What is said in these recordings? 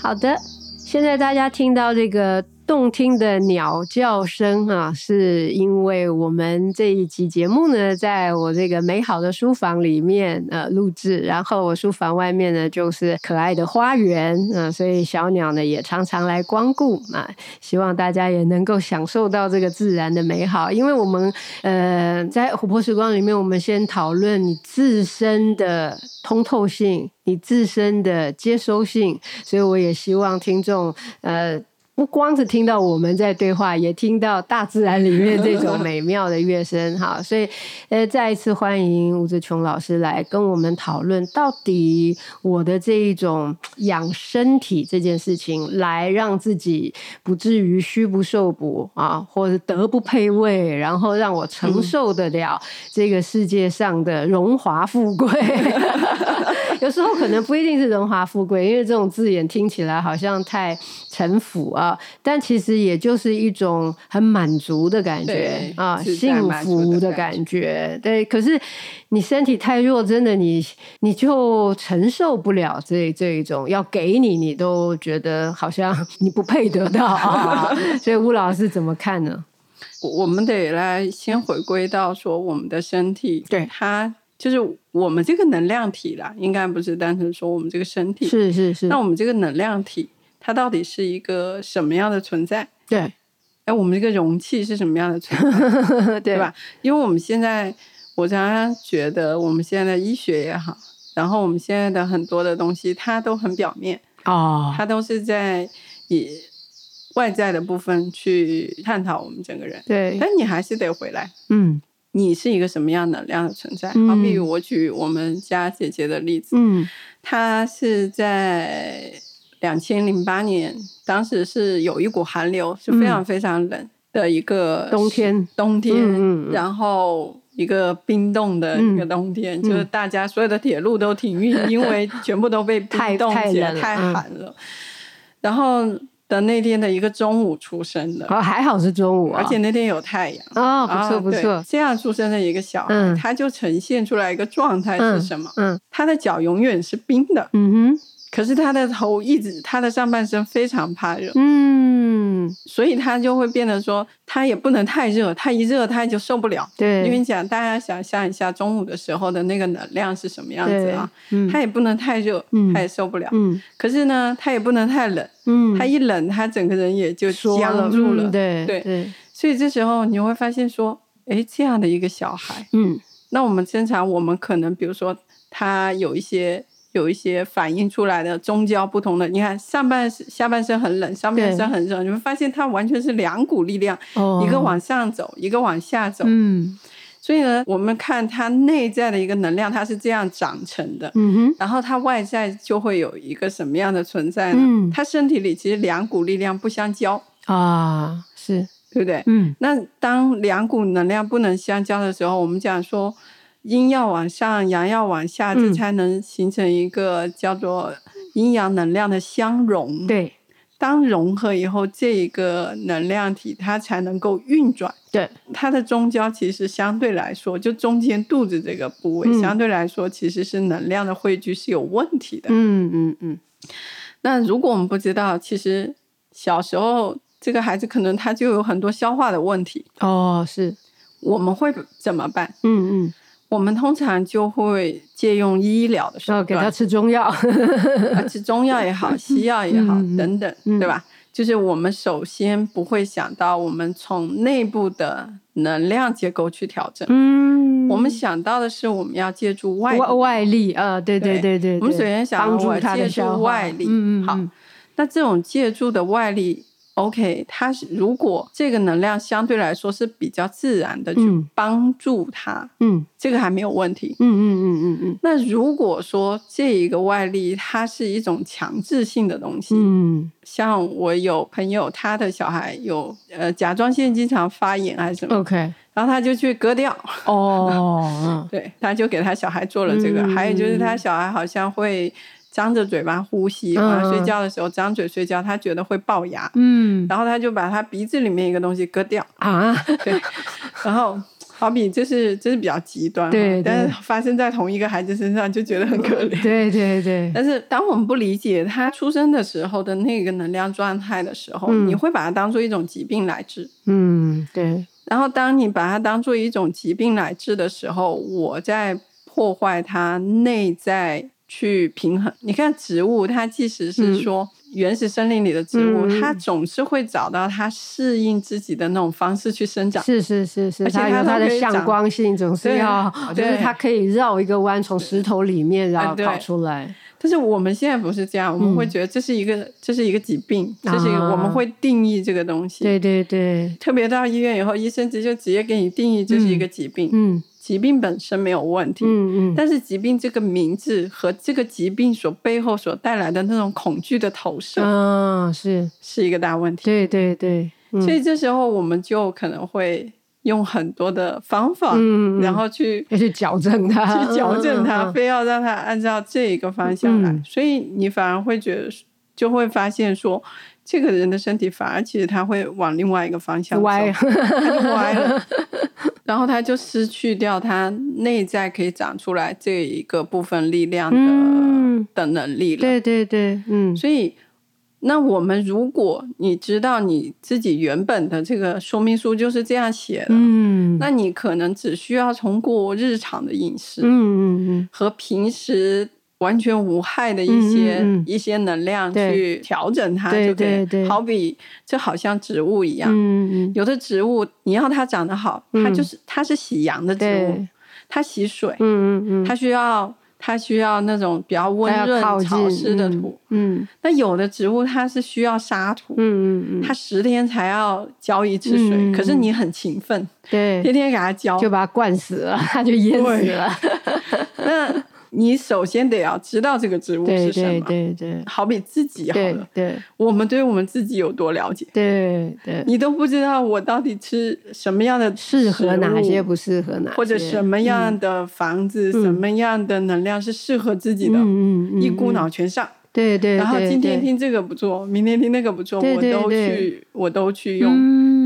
好的，現在大家聽到這個聽的鳥叫聲啊，是因為我們這一集節目呢，在我這個美好的書房裡面呃錄製，然後我書房外面呢就是可愛的花園啊，呃，所以小鳥呢也常常來光顧啊。希望大家也能夠享受到這個自然的美好，因為我們呃在《琥珀時光》裡面，我們先討論你自身的通透性，你自身的接收性，所以我也希望聽眾呃。不光是聽到我們在對話，也聽到大自然裡面這種美妙的樂聲哈。所以，呃，再一次歡迎吳志瓊老師來跟我們討論，到底我的這一種養身體這件事情，來讓自己不至於虛不受補啊，或者德不配位，然後讓我承受得了這個世界上的榮華富貴。 有時候可能不一定是榮華富貴，因為這種字眼聽起來好像太陳腐啊。但其實也就是一種很滿足的感覺，對的感覺啊，幸福的感覺。對，可是你身體太弱，真的你你就承受不了這這一種要給你，你都覺得好像你不配得到啊。 所以吳老師怎麼看呢？我，我們得來先回歸到說我們的身體，對，它就是我們這個能量體啦，應該不是單純說我們這個身體，是是是。那我們這個能量體。它到底是一個什麼樣的存在？對，哎，我們這個容器是什麼樣的存在？ 對，對吧？因為我們現在，我常常覺得，我們現在的醫學也好，然後我們現在的很多的東西，它都很表面哦，oh. 它都是在以外在的部分去探討我們整個人。對，但你還是得回來。嗯，你是一個什麼樣能量的存在？嗯、好，比如我舉我們家姐姐的例子，嗯，她是在。兩千零八年，當時是有一股寒流，是非常非常冷的一個冬天，冬天，然後一個冰凍的一個冬天，就是大家所有的鐵路都停運，因為全部都被凍結了，太寒了。然後的那天的一個中午出生的，哦，還好是中午啊，而且那天有太陽啊，不錯不錯，這樣出生的一個小孩，他就呈現出來一個狀態是什麼？嗯，他的腳永遠是冰的。嗯哼。可是他的頭一直，他的上半身非常怕熱，嗯，所以他就會變得說，他也不能太熱，他一熱他就受不了，對，因為講大家想象一下中午的時候的那個能量是什麼樣子啊，嗯、他也不能太熱，他也、嗯、受不了，嗯、可是呢，他也不能太冷，嗯，他一冷他整個人也就僵住了，對、嗯，對，對，對，所以這時候你會發現說，哎，這樣的一個小孩，嗯，那我們正常，我們可能比如說他有一些。有一些反映出來的中焦不同的，你看上半身下半身很冷，上半身很熱，對你們發現它完全是兩股力量，哦、一個往上走，一個往下走，嗯，所以呢，我們看它內在的一個能量，它是這樣長成的，嗯哼然後它外在就會有一個什麼樣的存在呢？嗯、它身體裡其實兩股力量不相交啊、哦，是對不對？嗯，那當兩股能量不能相交的時候，我們講說。陰要往上，陽要往下，這才能形成一個叫做陰陽能量的相融。對，當融合以後，這一個能量體它才能夠運轉。對，它的中焦其實相對來說，就中間肚子這個部位，嗯、相對來說其實是能量的匯聚是有問題的。嗯嗯嗯。那如果我們不知道，其實小時候這個孩子可能他就有很多消化的問題。哦，是。我們會怎麼辦？嗯嗯。我們通常就會借用醫療的手段，給他吃中藥， 吃中藥也好，西藥也好、嗯、等等，對吧？嗯、就是我們首先不會想到，我們從內部的能量結構去調整。嗯，我們想到的是，我們要借助外外力啊、呃，對對對對，對我們首先想我要借助外力。嗯、好，嗯嗯、那這種借助的外力。OK，他如果這個能量相對來說是比較自然的去幫助他，嗯，這個還沒有問題。嗯嗯嗯嗯嗯。嗯嗯嗯嗯，那如果說這一個外力，它是一種強制性的東西，嗯，像我有朋友，他的小孩有呃甲狀腺經常發炎還是什麼，OK，然後他就去割掉。哦、oh.，對，他就給他小孩做了這個。嗯、還有就是他小孩好像會，張着嘴巴呼吸，啊，睡覺的時候、嗯、張嘴睡覺，他覺得會齙牙，嗯，然後他就把他鼻子裡面一個東西割掉啊， 對，然後好比這是這是比較極端，對，對，但是發生在同一個孩子身上就覺得很可憐，對對對，但是當我們不理解他出生的時候的那個能量狀態的時候，嗯、你會把它當做一種疾病來治，嗯，對，然後當你把它當做一種疾病來治的時候，我在破壞他內在。去平衡。你看植物，它即使是說原始森林裡的植物，嗯、它總是會找到它適應自己的那種方式去生長。是是是是，而且它，還有它的向光性總是要，對就是它可以繞一個彎，從石頭裡面然後跑出來，呃。但是我們現在不是這樣，我們會覺得這是一個、嗯、這是一個疾病，這是我們會定義這個東西。啊、對對對，特別到醫院以後，醫生直接直接給你定義這是一個疾病。嗯。嗯疾病本身沒有問題，嗯嗯，嗯，但是疾病這個名字和這個疾病所背後所帶來的那種恐懼的投射是是一個大問題。哦、對對對，嗯、所以這時候我們就可能會用很多的方法，嗯，嗯，嗯然後去去矯正它，嗯、去矯正它，嗯、非要讓它按照這一個方向來，嗯、所以你反而會覺得，就會發現說，這個人的身體反而其實他會往另外一個方向歪，Why? 歪了。 然後它就失去掉它內在可以長出來這一個部分力量的，嗯，的能力了。對對對，嗯。所以，那我們如果你知道你自己原本的這個說明書就是這樣寫的，嗯，那你可能只需要通過日常的飲食，嗯嗯嗯，和平時。完全無害的一些一些能量去調整它，就可以。好比就好像植物一樣，有的植物你要它長得好，它就是它是喜陽的植物，它喜水，它需要它需要那種比較溫潤潮濕的土，嗯。那有的植物它是需要沙土，它十天才要澆一次水，可是你很勤奮，對，天天給它澆，就把它灌死了，它就淹死了。那。你首先得要知道這個植物是什麼，對對對，好比自己好了，對對，我們對我們自己有多了解？對對，你都不知道我到底吃什麼樣的食物，適合哪些，不適合哪些。或者什麼樣的房子，什麼樣的能量是適合自己的？嗯，一股腦全上，對對。然後今天聽這個不錯，明天聽那個不錯，我都去，我都去用。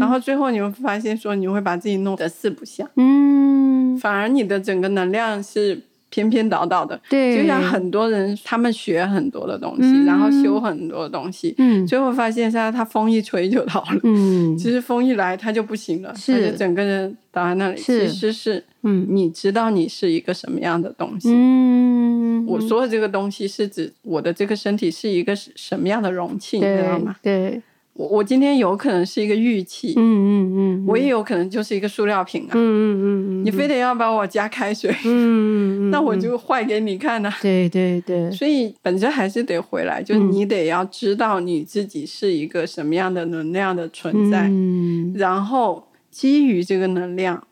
然後最後你會發現，說你會把自己弄得四不像，嗯，反而你的整個能量是。偏偏倒倒的，就像很多人，他們學很多的東西，然後修很多東西，最後發現現在他風一吹就倒了。嗯，其實風一來他就不行了，是整個人倒在那裡。其實是，你知道你是一個什麼樣的東西？嗯，我說的這個東西是指我的這個身體是一個什麼樣的容器，你知道嗎？對。我今天有可能是一個玉器，嗯,嗯嗯嗯，我也有可能就是一個塑料瓶，啊。嗯,嗯嗯嗯。你非得要把我加開水，嗯,嗯,嗯,嗯 那我就壞給你看呢、啊。對對對，所以本身還是得回來，就是你得要知道你自己是一個什麼樣的能量的存在，嗯、然後基於這個能量，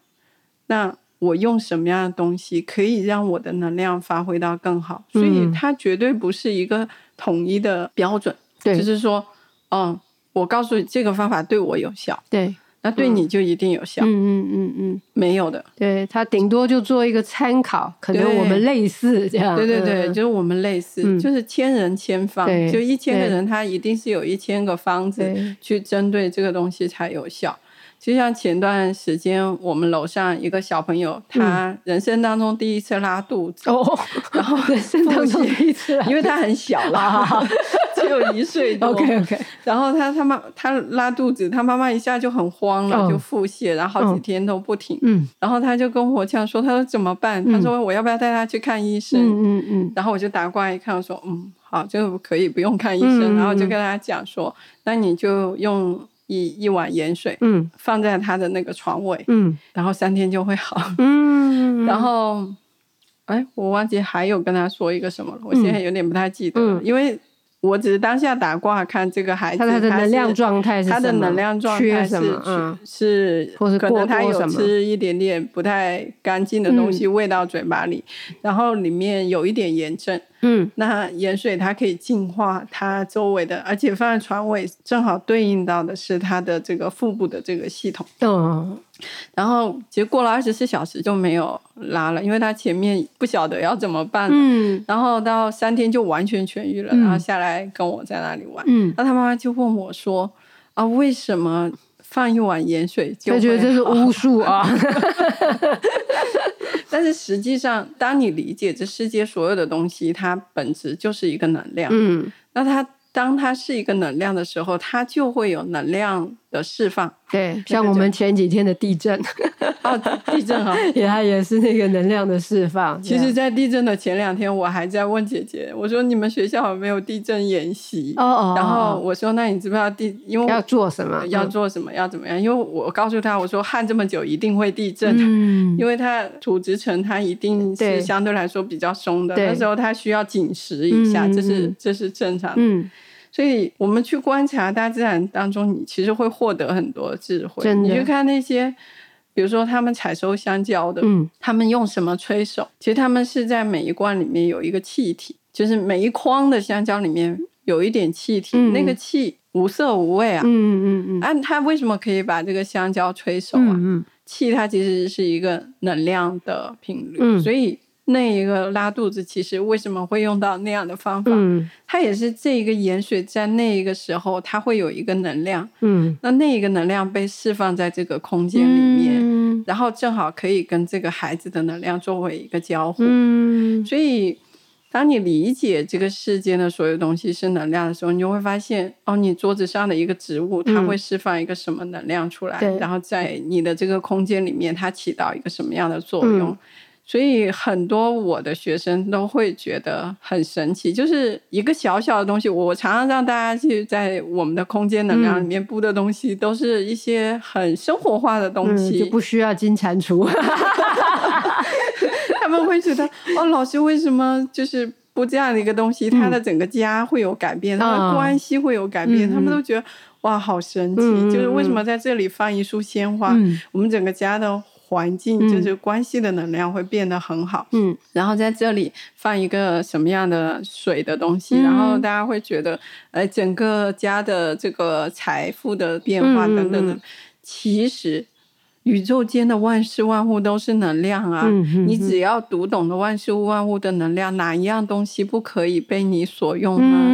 那我用什麼樣的東西可以讓我的能量發揮到更好？所以它絕對不是一個統一的標準，就、嗯、是說，對嗯。我告訴你，這個方法對我有效。對，嗯、那對你就一定有效。嗯嗯嗯嗯，沒有的。對他頂多就做一個參考，可能我們類似這樣。對，對對對，對對對，就是我們類似，嗯、就是千人千方，對，就一千個人，他一定是有一千個方子去針對這個東西才有效。就像前段時間，我們樓上一個小朋友，他人生當中第一次拉肚子，嗯、然後、哦、人生當中第一次，因為他很小了，啊、只有一歲多。 OK OK。然後他他媽他拉肚子，他媽媽一下就很慌了，就腹瀉，然後好幾天都不停。嗯。然後他就跟我講說：“他說怎麼辦？他說我要不要帶他去看醫生？”嗯嗯嗯。然後我就打卦一看，我說：“嗯，好，就可以不用看醫生。嗯嗯嗯”然後我就跟他講說：“那你就用。”一一碗鹽水，嗯，放在他的那個床尾，嗯，然後三天就會好，嗯，嗯然後，哎，我忘記還有跟他說一個什麼了，我現在有點不太記得，嗯嗯、因為我只是當下打卦看這個孩子他的能量狀態，是。他的能量狀態是是，狀態是，可能他有吃一點點不太乾淨的東西餵到、嗯、嘴巴裡，然後裡面有一點炎症。嗯，那鹽水它可以淨化它周圍的，而且放在船尾，正好對應到的是它的這個腹部的這個系統。嗯，然後其實過了二十四小時就沒有拉了，因為他前面不曉得要怎麼辦。嗯，然後到三天就完全痊癒了，嗯，然後下來跟我在那裡玩。嗯，那他媽媽就問我說：“啊，為什麼放一碗鹽水就覺得這是巫術啊？” 但是實際上，當你理解這世界所有的東西，它本質就是一個能量。嗯，那它當它是一個能量的時候，它就會有能量的釋放，對，像我們前幾天的地震，地震好，也也也是那個能量的釋放。其實，在地震的前兩天，我還在問姐姐，我說你們學校有沒有地震演習哦。然後我說，那你知不知道地，因為要做什麼，要做什麼，要怎麼樣？因為我告訴她，我說旱這麼久一定會地震，因為它土質層它一定是相對來說比較鬆的，那時候它需要緊實一下，這是這是正常的。所以我們去觀察大自然當中，你其實會獲得很多智慧。真的。你去看那些，比如說他們採收香蕉的，嗯，他們用什麼催熟？其實他們是在每一罐裡面有一個氣體，就是每一筐的香蕉裡面有一點氣體，嗯、那個氣無色無味啊。嗯嗯嗯嗯。哎、啊，它為什麼可以把這個香蕉催熟啊？嗯，嗯，氣它其實是一個能量的頻率。嗯、所以。那一個拉肚子，其實為什麼會用到那樣的方法？嗯、它也是這一個鹽水，在那一個時候，它會有一個能量。嗯、那那一個能量被釋放在這個空間裡面，嗯、然後正好可以跟這個孩子的能量作為一個交互。嗯、所以當你理解這個世界的所有東西是能量的時候，你就會發現，哦，你桌子上的一個植物，它會釋放一個什麼能量出來，嗯、然後在你的這個空間裡面，它起到一個什麼樣的作用？嗯所以很多我的學生都會覺得很神奇，就是一個小小的東西。我常常讓大家去在我們的空間能量裡面布的東西，嗯、都是一些很生活化的東西，嗯、就不需要金蟾蜍。 他們會覺得哦，老師為什麼就是布這樣的一個東西，他的整個家會有改變，嗯、他的關係會有改變，嗯、他們都覺得哇，好神奇！嗯嗯嗯，就是為什麼在這裡放一束鮮花，嗯、我們整個家的。環境就是關係的能量、嗯、會變得很好，嗯，然後在這裡放一個什麼樣的水的東西，嗯、然後大家會覺得，哎，整個家的這個財富的變化等等等，嗯嗯嗯其實。宇宙間的萬事萬物都是能量啊！嗯、哼哼，你只要讀懂了萬事萬物的能量，哪一樣東西不可以被你所用呢？嗯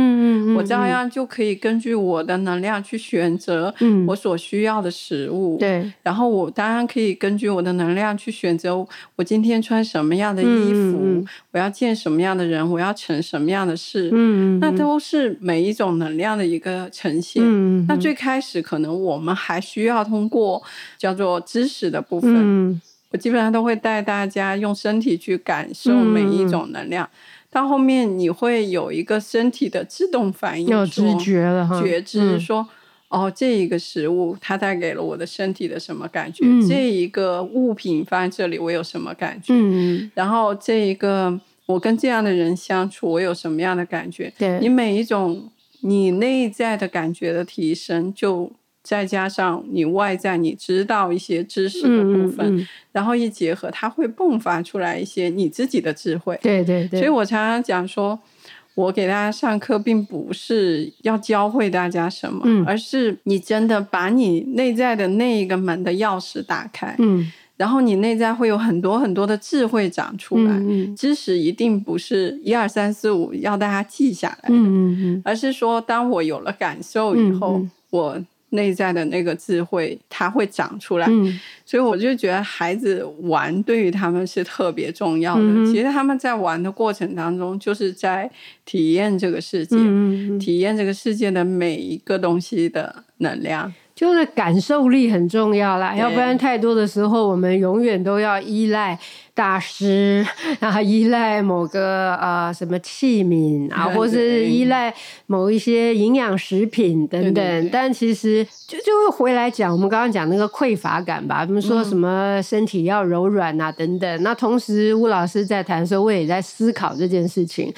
嗯嗯，我照樣就可以根據我的能量去選擇我所需要的食物。對、嗯，然後我當然可以根據我的能量去選擇我今天穿什麼樣的衣服，嗯嗯嗯，我要見什麼樣的人，我要成什麼樣的事。嗯嗯嗯，那都是每一種能量的一個呈現。嗯嗯嗯，那最開始可能我們還需要通過叫做知。知識的部分，嗯、我基本上都會帶大家用身體去感受每一種能量。嗯、到後面你會有一個身體的自動反應，有知覺了哈，覺知、嗯、說：哦，這一個食物它帶給了我的身體的什麼感覺？嗯、這一個物品放在這裡我有什麼感覺？嗯、然後這一個我跟這樣的人相處我有什麼樣的感覺？對。你每一種你內在的感覺的提升就。再加上你外在，你知道一些知識的部分，嗯嗯嗯，然後一結合，它會迸發出來一些你自己的智慧。對對對，所以我常常講說，我給大家上課並不是要教會大家什麼，嗯、而是你真的把你內在的那一個門的鑰匙打開，嗯、然後你內在會有很多很多的智慧長出來。嗯嗯，知識一定不是一二三四五要大家記下來，嗯嗯嗯，而是說，當我有了感受以後，嗯嗯我。內在的那個智慧，它會長出來。嗯、所以我就覺得孩子玩對於他們是特別重要的。嗯、哼其實他們在玩的過程當中，就是在體驗這個世界，嗯、哼體驗這個世界的每一個東西的能量，就是感受力很重要啦。對要不然，太多的時候，我們永遠都要依賴大師，然後依賴某個啊、呃、什麼器皿啊，Right. 或是依賴某一些營養食品等等，Right. 但其實就就會回來講，我們剛剛講那個匱乏感吧。比如說什麼身體要柔軟啊等等。Mm. 那同時，吳老師在談的時候，我也在思考這件事情。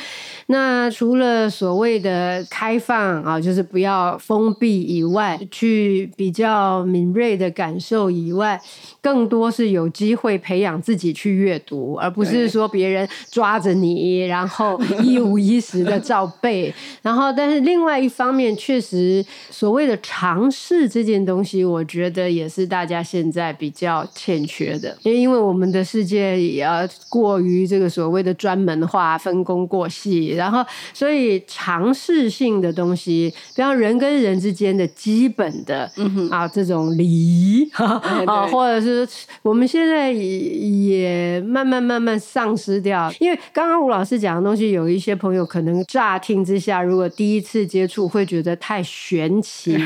那除了所謂的開放啊，就是不要封閉以外，去比較敏銳的感受以外。更多是有機會培養自己去閱讀，而不是說別人抓着你，對然後一五一十的照背。 然後，但是另外一方面，確實所謂的常識這件東西，我覺得也是大家現在比較欠缺的，因為我們的世界也要過於這個所謂的專門化、分工過細，然後所以常識性的東西，比方人跟人之間的基本的、嗯、哼啊這種禮儀啊，或者是。我們現在也慢慢慢慢喪失掉，因為剛剛吳老師講的東西，有一些朋友可能乍聽之下，如果第一次接觸，會覺得太玄奇。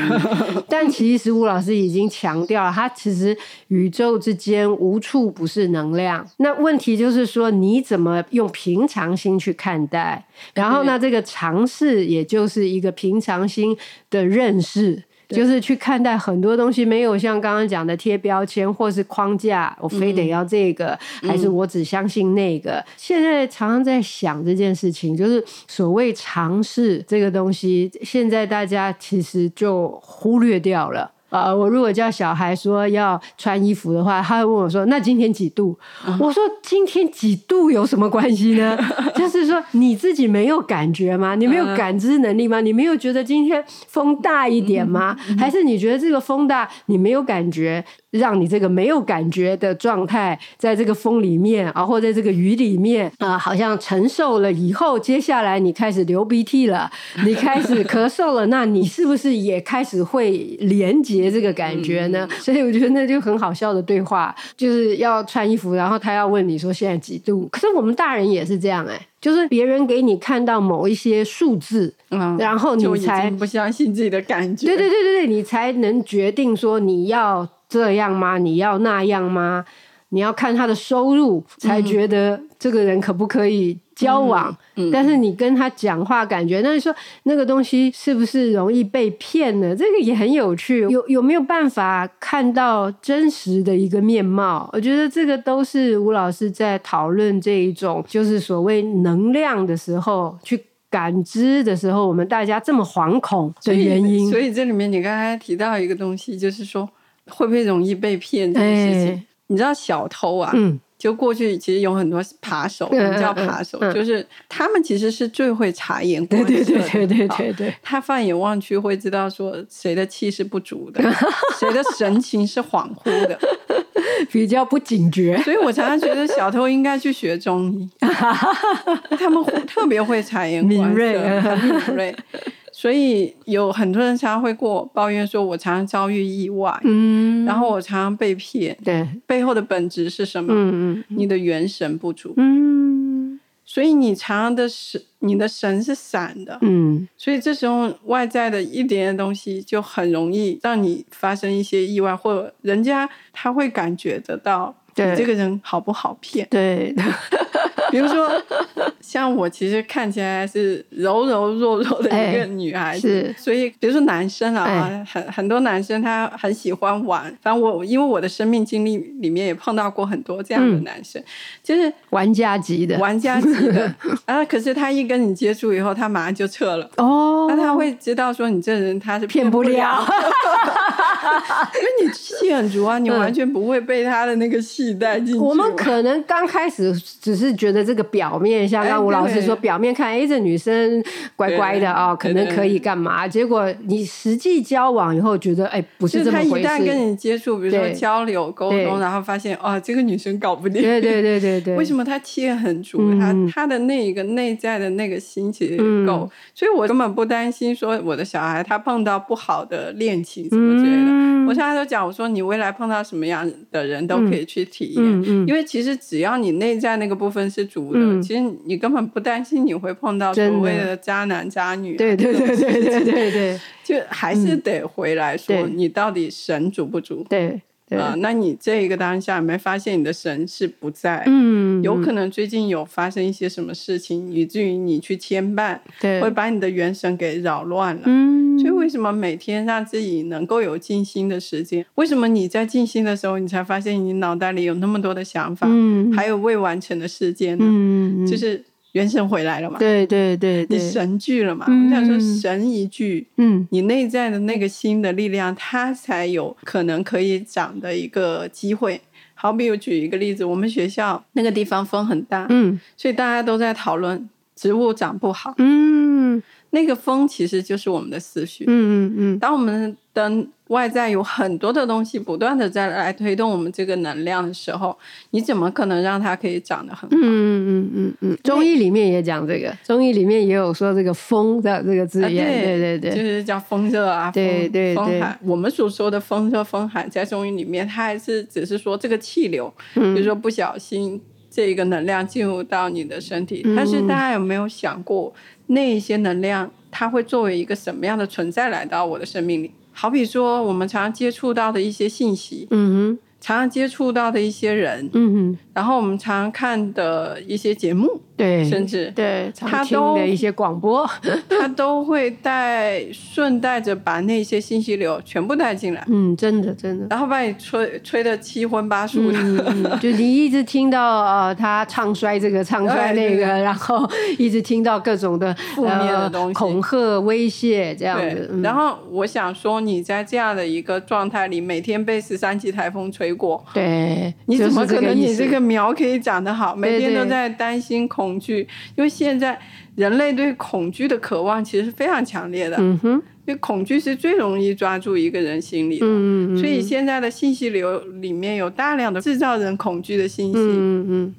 但其實吳老師已經強調，他其實宇宙之間無處不是能量。那問題就是說，你怎麼用平常心去看待？然後呢，這個常識，也就是一個平常心的認識。就是去看待很多東西，沒有像剛剛講的貼標籤或是框架，我非得要這個，嗯嗯還是我只相信那個。嗯嗯現在常常在想這件事情，就是所謂常識這個東西，現在大家其實就忽略掉了。啊、呃，我如果叫小孩說要穿衣服的話，他會問我說：“那今天幾度？”嗯、我說：“今天幾度有什麼關係呢？” 就是說你自己沒有感覺嗎？你沒有感知能力嗎？嗯、你沒有覺得今天風大一點嗎？嗯嗯、還是你覺得這個風大，你沒有感覺？讓你這個沒有感覺的狀態，在這個風裡面，然後在這個雨裡面啊、呃，好像承受了以後，接下來你開始流鼻涕了，你開始咳嗽了， 那你是不是也開始會連接這個感覺呢？嗯、所以我覺得那就很好笑的對話，就是要穿衣服，然後他要問你說現在幾度？可是我們大人也是這樣哎，就是別人給你看到某一些數字，嗯，然後你才不相信自己的感覺，對，對對對對，你才能決定說你要。這樣嗎？你要那樣嗎？你要看他的收入才覺得這個人可不可以交往，嗯、但是你跟他講話，感覺、嗯、那你說那個東西是不是容易被騙呢？這個也很有趣，有有沒有辦法看到真實的一個面貌？我覺得這個都是吳老師在討論這一種就是所謂能量的時候去感知的時候，我們大家這麼惶恐的原因。所以所以這裡面你剛才提到一個東西，就是說。會不會容易被騙這件事情？哎、你知道小偷啊，嗯，就過去其實有很多扒手，我們叫扒手，嗯、就是他們其實是最會察言觀色，對，對對對對對對對，哦、他放眼望去會知道說誰的氣是不足的， 誰的神情是恍惚的，比較不警覺。所以我常常覺得小偷應該去學中醫， 他們特別會察言觀色。所以有很多人常常會跟我抱怨說，我常常遭遇意外，嗯，然後我常常被騙，對，背後的本質是什麼？嗯嗯，你的元神不足，嗯，所以你常常的神，你的神是散的，嗯，所以這時候外在的一點點東西就很容易讓你發生一些意外，或者人家他會感覺得到你這個人好不好騙，對，對 比如說。像我其實看起來是柔柔弱弱的一個女孩子，哎、是所以比如說男生啊，哎、很很多男生他很喜歡玩，反正我因為我的生命經歷裡面也碰到過很多這樣的男生，嗯、就是玩家級的玩家級的 啊，可是他一跟你接觸以後，他馬上就撤了哦，那、啊、他會知道說你這人他是騙不了，不了 因為你氣很足啊，你完全不會被他的那個戲帶進去、啊嗯。我們可能剛開始只是覺得這個表面像剛，剛。老師說，表面看，哎，這女生乖乖的啊，可能可以幹嘛？結果你實際交往以後，覺得哎，不是這麼回事。就是他一旦跟你接觸，比如說交流溝通，然後發現哦，這個女生搞不定。對對對對對。為什麼他氣很足？他他的那一個內在的那個心其實也夠，所以我根本不擔心說我的小孩他碰到不好的戀情什麼之類的。我現在都講，我說你未來碰到什麼樣的人都可以去體驗，因為其實只要你內在那個部分是足的，其實你根。他們不擔心你會碰到所謂的渣男渣女，啊，對對對對對對、對、對 就還是得回來說，你到底神足不足。對啊，那你這一個當下沒發現你的神是不在？嗯，有可能最近有發生一些什麼事情，以至於你去牽絆，對，會把你的元神給擾亂了。嗯，所以為什麼每天讓自己能夠有靜心的時間？為什麼你在靜心的時候，你才發現你腦袋裡有那麼多的想法，還有未完成的事件呢？就是。元神回來了嘛？對，對對對，你神聚了嘛？我想說神一聚，嗯，你內在的那個心的力量，它才有可能可以長的一個機會。好比我舉一個例子，我們學校那個地方風很大，嗯，所以大家都在討論植物長不好，嗯。那個風其實就是我們的思緒，嗯嗯嗯。嗯，當我們的外在有很多的東西不斷的在來推動我們這個能量的時候，你怎麼可能讓它可以長得很好嗯？嗯嗯嗯嗯嗯。中、嗯、醫對裡面也講這個，中醫裡面也有說這個風的這個字眼，對對、呃、對，對對就是叫風熱啊，對風對，對風寒。我們所說的風熱、風寒，在中醫裡面，它還是只是說這個氣流，比如、嗯、說不小心。這一個能量進入到你的身體，嗯、但是大家有沒有想過，那一些能量它會作為一個什麼樣的存在來到我的生命裡？好比說，我們常接觸到的一些信息，嗯哼，常常接觸到的一些人，嗯哼。然後我們常看的一些節目，對，甚至對他聽的一些廣播，他都會帶順帶着把那些信息流全部帶進來。嗯，真的，真的。然後把你吹吹得七葷八素的，就你一直聽到呃他唱衰這個，唱衰那個，然後一直聽到各種的負面的東西，恐嚇、威脅這樣子。然後我想說，你在這樣的一個狀態裡，每天被十三級台風吹過，對，你怎麼可能你這個？苗可以長得好，每天都在擔心恐懼，因為現在人類對恐懼的渴望其實是非常強烈的。嗯哼。因為恐懼是最容易抓住一個人心理的，所以現在的信息流裡面有大量的制造人恐懼的信息。嗯嗯，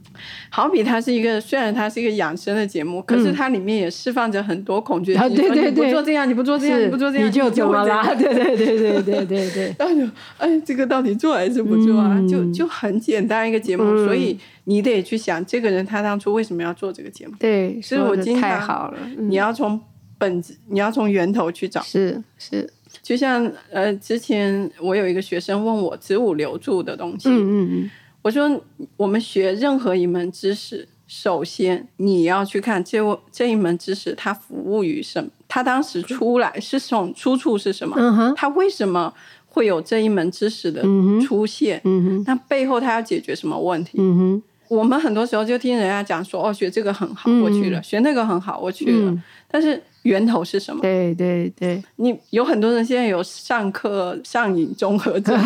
好比它是一個，雖然它是一個養生的節目，可是它裡面也釋放着很多恐懼。對對對，你不做這樣，你不做這樣，你不做這樣，你就怎麼啦？對對對對對對對。然後就哎，這個到底做還是不做啊？就就很簡單一個節目，所以你得去想，這個人他當初為什麼要做這個節目？對，所以我經常，你要從。本質你要從源頭去找，是是，是就像呃，之前我有一個學生問我，子午流注的東西，嗯嗯嗯，嗯嗯我說我們學任何一門知識，首先你要去看這這一門知識它服務於什麼，它當時出來是從出處是什麼？嗯、它為什麼會有這一門知識的出現，嗯嗯嗯、那背後它要解決什麼問題？嗯嗯、我們很多時候就聽人家講說，哦，學這個很好，嗯、我去了，學那個很好，我去了。嗯但是源頭是什麼？對對對，你有很多人現在有上課上癮綜合症，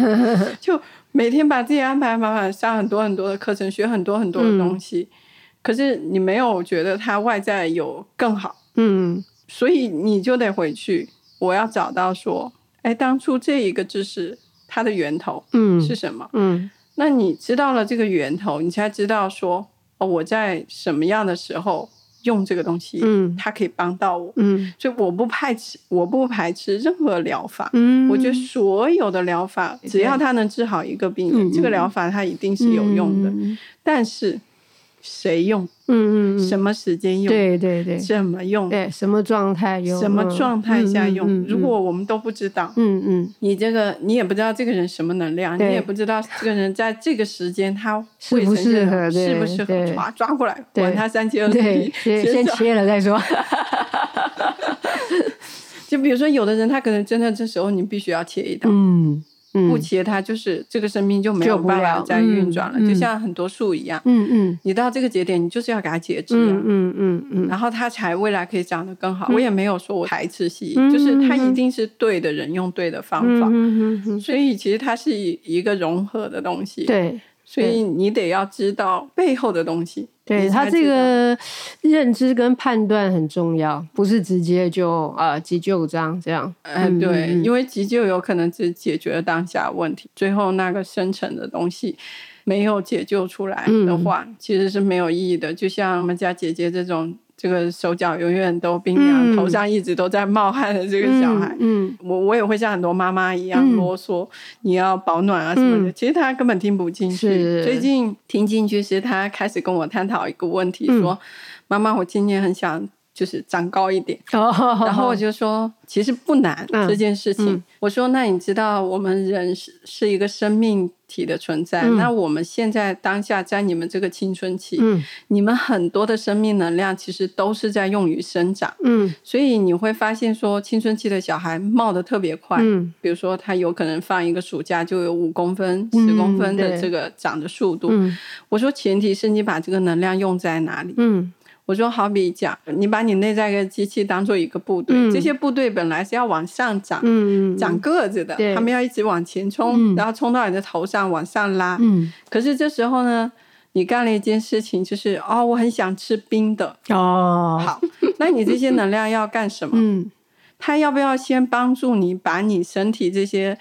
就每天把自己安排滿滿，上很多很多的課程，學很多很多的東西，嗯、可是你沒有覺得它外在有更好，嗯，所以你就得回去，我要找到說，哎，當初這一個知識它的源頭，嗯，是什麼？嗯，那你知道了這個源頭，你才知道說，哦、我在什麼樣的時候。用這個東西，它可以幫到我，嗯、所以我不排斥，我不排斥任何療法。嗯、我覺得所有的療法，只要它能治好一個病人，對這個療法它一定是有用的。嗯、但是。誰用？嗯嗯，什麼時間用？對對對，怎麼用？對，什麼狀態用？什麼狀態下用？如果我們都不知道，嗯嗯，你這個你也不知道這個人什麼能量，你也不知道這個人在這個時間他會不會適合，適不適合抓抓過來，管他三七二十一，先切了再說。就比如說，有的人他可能真的這時候你必須要切一刀，嗯。目前它，就是這個生命就沒有辦法再運轉了，就，了嗯、就像很多樹一樣。嗯嗯，嗯你到這個節點，你就是要給它截枝嗯嗯嗯，嗯嗯嗯然後它才未來可以長得更好。嗯嗯嗯、我也沒有說我排斥西醫，就是它一定是對的人用對的方法。嗯、哼哼哼所以其實它是一個融合的東西。對、嗯，所以你得要知道背後的東西。對對他這個認知跟判斷很重要，不是直接就啊、呃、急就章這樣。嗯、呃，對，因為急救有可能只解決了當下的問題，最後那個深層的東西沒有解救出來的話，嗯、其實是沒有意義的。就像我們家姐姐這種。這個手腳永遠都冰涼，頭上一直都在冒汗的這個小孩，嗯，我我也會像很多媽媽一樣囉嗦，你要保暖啊什麼的。其實他根本聽不進去。最近聽進去，其實他開始跟我探討一個問題，說：“媽媽，我今年很想就是長高一點。”然後我就說：“其實不難這件事情。”我說：“那你知道，我們人是是一個生命。”體的存在，那我們現在當下在你們這個青春期，嗯，你們很多的生命能量其實都是在用於生長，嗯，所以你會發現說青春期的小孩冒得特別快，嗯，比如說他有可能放一個暑假就有五公分、十公分的這個長的速度，嗯，我說前提是你把這個能量用在哪裡，嗯我說好比講，你把你內在的機器當做一個部隊，嗯、這些部隊本來是要往上長、嗯、長個子的，對他們要一直往前衝，嗯、然後衝到你的頭上往上拉。嗯、可是這時候呢，你幹了一件事情，就是哦，我很想吃冰的。哦，好，那你這些能量要幹什麼？ 嗯、他要不要先幫助你把你身體這些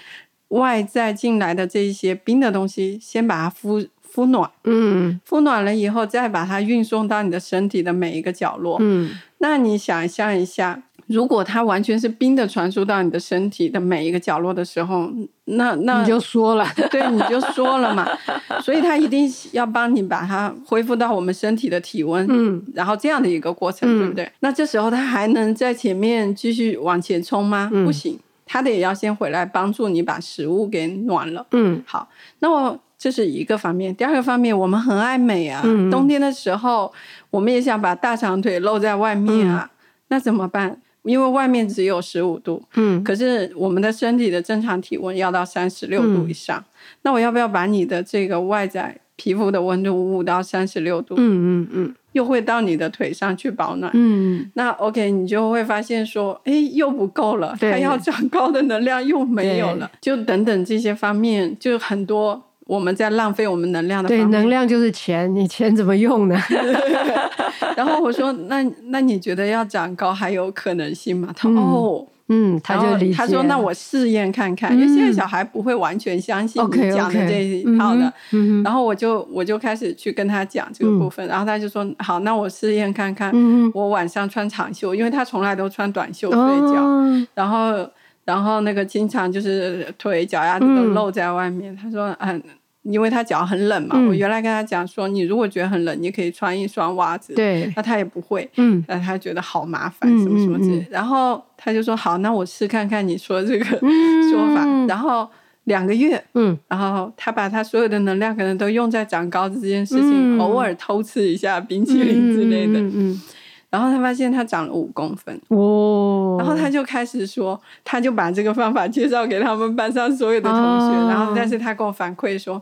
外在進來的這一些冰的東西先把它敷？敷暖，嗯，敷暖了以後再把它運送到你的身體的每一個角落，嗯，那你想象一下，如果它完全是冰的傳輸到你的身體的每一個角落的時候，那那你就說了，對，你就說了嘛， 所以它一定要幫你把它恢復到我們身體的體溫，嗯，然後這樣的一個過程，對不對？嗯、那這時候它還能在前面繼續往前衝嗎？嗯、不行，它得要先回來幫助你把食物給暖了，嗯，好，那我。這是一個方面，第二個方面，我們很愛美啊。嗯、冬天的時候，我們也想把大長腿露在外面啊。嗯、那怎麼辦？因為外面只有十五度，嗯，可是我們的身體的正常體溫要到三十六度以上。嗯、那我要不要把你的這個外在皮膚的溫度捂到三十六度？嗯嗯嗯，又會到你的腿上去保暖。嗯，那 OK，你就會發現說，哎，又不夠了，它對要長高的能量又沒有了，對就等等這些方面，就很多。我們在浪費我們能量的，對，能量就是錢，你錢怎麼用呢？ 然後我說，那那你覺得要長高還有可能性嗎？他、嗯、哦，嗯，他就理解。他說，那我試驗看看，嗯、因為現在小孩不會完全相信你講的這一套的。Okay, okay, 嗯嗯、然後我就我就開始去跟他講這個部分，嗯、然後他就說好，那我試驗看看。嗯，哼我晚上穿長袖，因為他從來都穿短袖睡覺，哦。然後。然後那個經常就是腿腳丫子都露在外面，他說，嗯，因為他腳很冷嘛。我原來跟他講說，你如果覺得很冷，你可以穿一雙襪子。對，那他也不會，嗯，他覺得好麻煩，什麼什麼之類。然後他就說，好，那我試看看你說這個說法。然後兩個月，嗯，然後他把他所有的能量可能都用在長高的這件事情，偶爾偷吃一下冰淇淋之類的，嗯，然後他發現他長了五公分，哇。然後他就開始說，他就把這個方法介紹給他們班上所有的同學，啊、然後，但是他給我反饋說。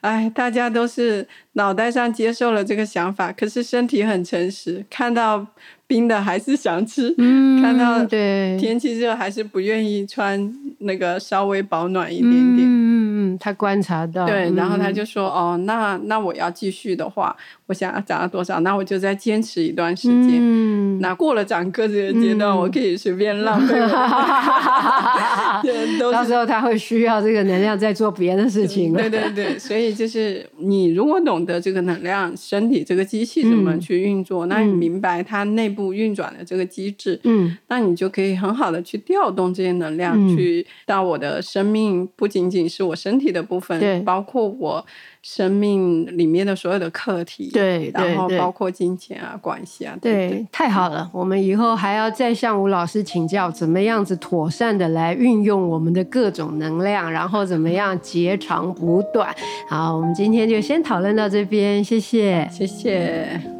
哎，大家都是腦袋上接受了這個想法，可是身體很誠實。看到冰的還是想吃，嗯、看到對天氣熱對還是不願意穿那個稍微保暖一點點。嗯嗯，他觀察到，對，嗯、然後他就說哦，那那我要繼續的話，我想要長到多少，那我就再堅持一段時間。嗯，那過了長個子的階段，嗯、我可以隨便浪費。 到時候他會需要這個能量在做別的事情。對,對對對，所以就是你如果懂得這個能量，身體這個機器怎麼去運作，嗯、那你明白它內部運轉的這個機制，嗯，那你就可以很好的去調動這些能量，嗯、去到我的生命不僅僅是我身體的部分，嗯、包括我生命裡面的所有的課題，對，然後包括金錢啊、對對對關係啊，對,對,對,對，太好了，我們以後還要再向吳老師請教怎麼樣子妥善的來運。用我們的各種能量，然後怎麼樣截長補短？好，我們今天就先討論到這邊，謝謝，謝謝。